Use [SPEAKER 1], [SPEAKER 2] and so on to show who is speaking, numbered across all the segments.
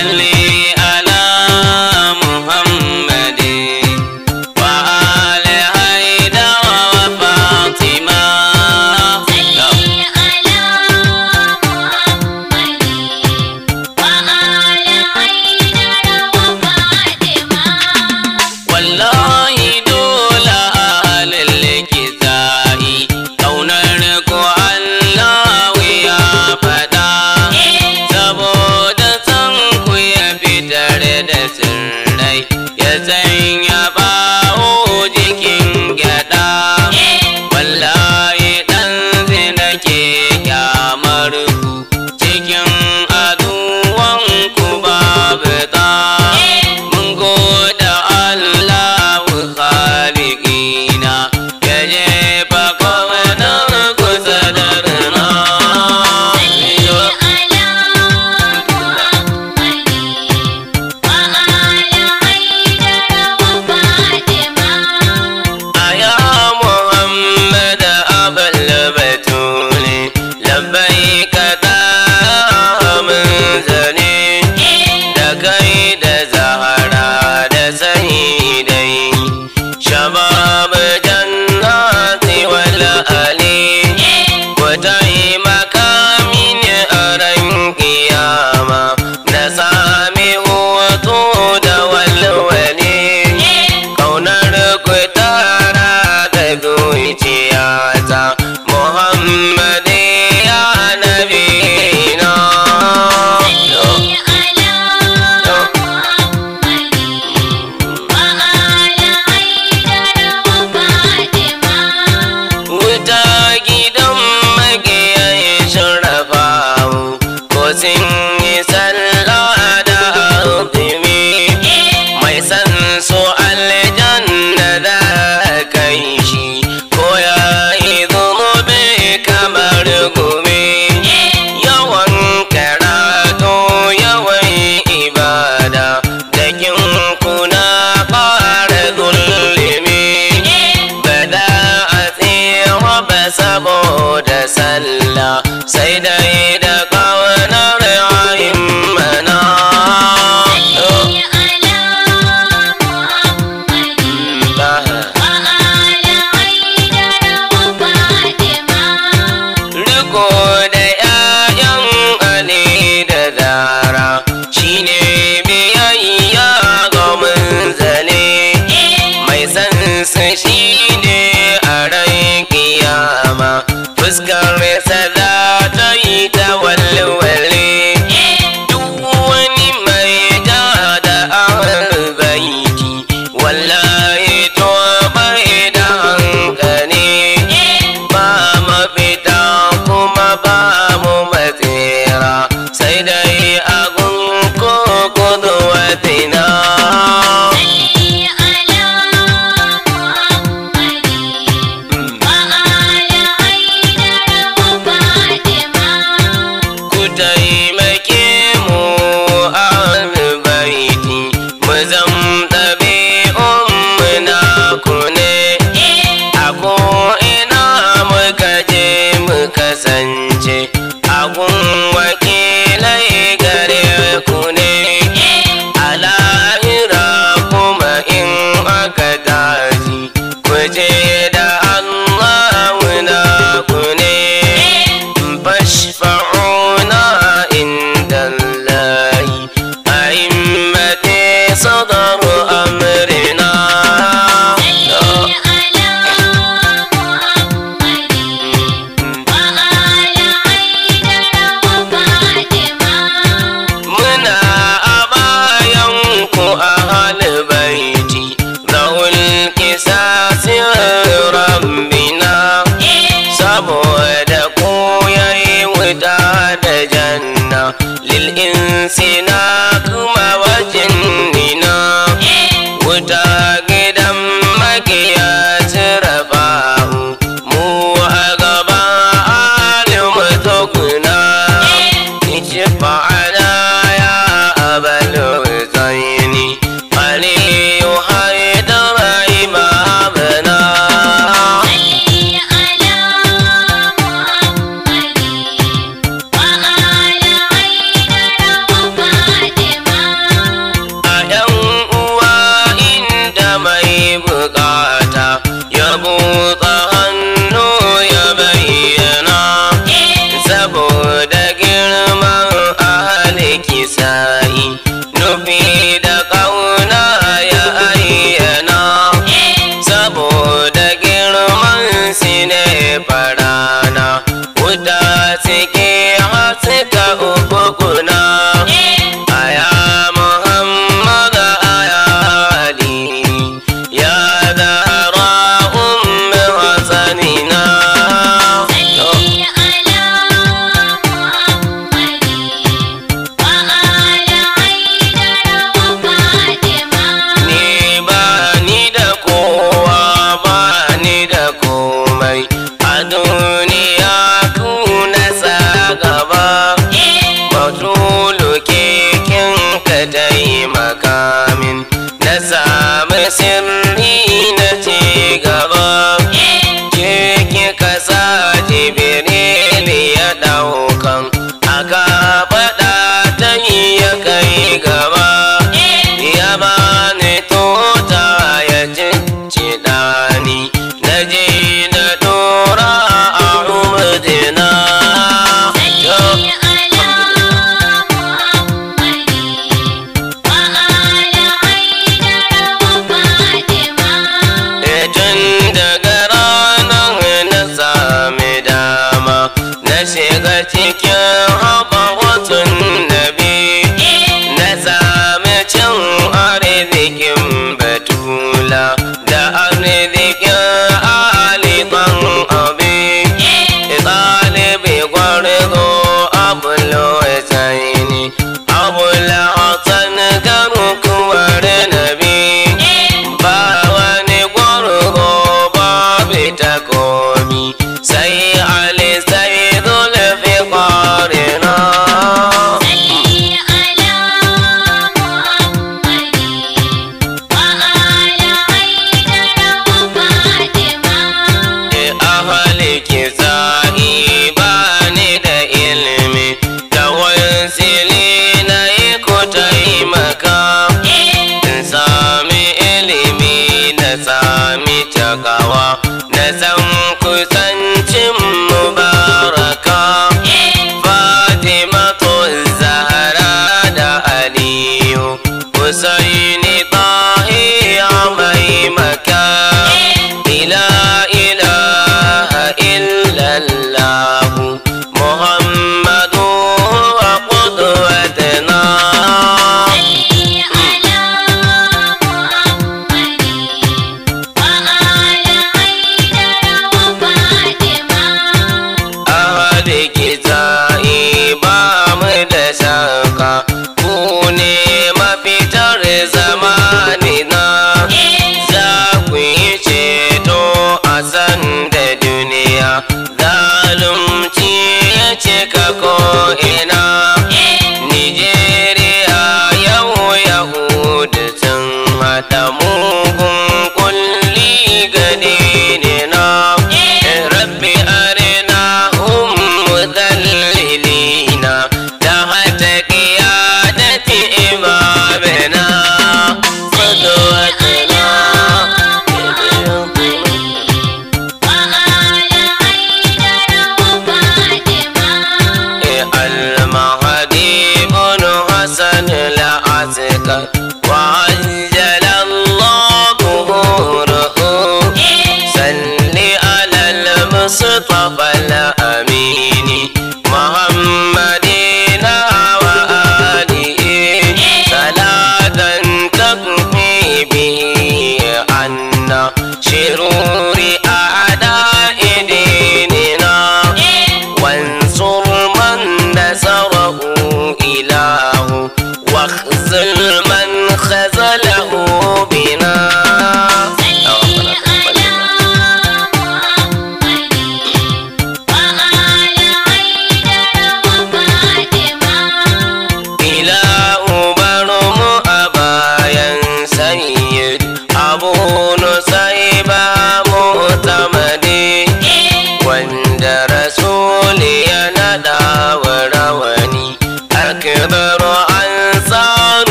[SPEAKER 1] friendly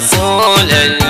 [SPEAKER 1] رسول الله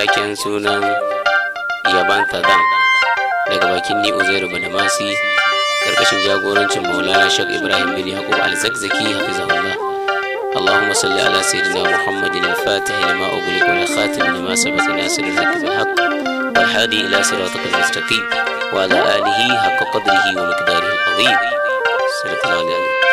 [SPEAKER 1] taken sunan yaban tadan daga bakin ni uzairu banamasi karkashin jagorancin maulana shek ibrahim bin yaqub al-zakzaki hafizahullah اللهم صل على سيدنا محمد الفاتح لما أغلق والخاتم لما سبق ناصر الحق بالحق والهادي إلى صراطك المستقيم وعلى آله حق قدره ومقداره العظيم صلى الله عليه وسلم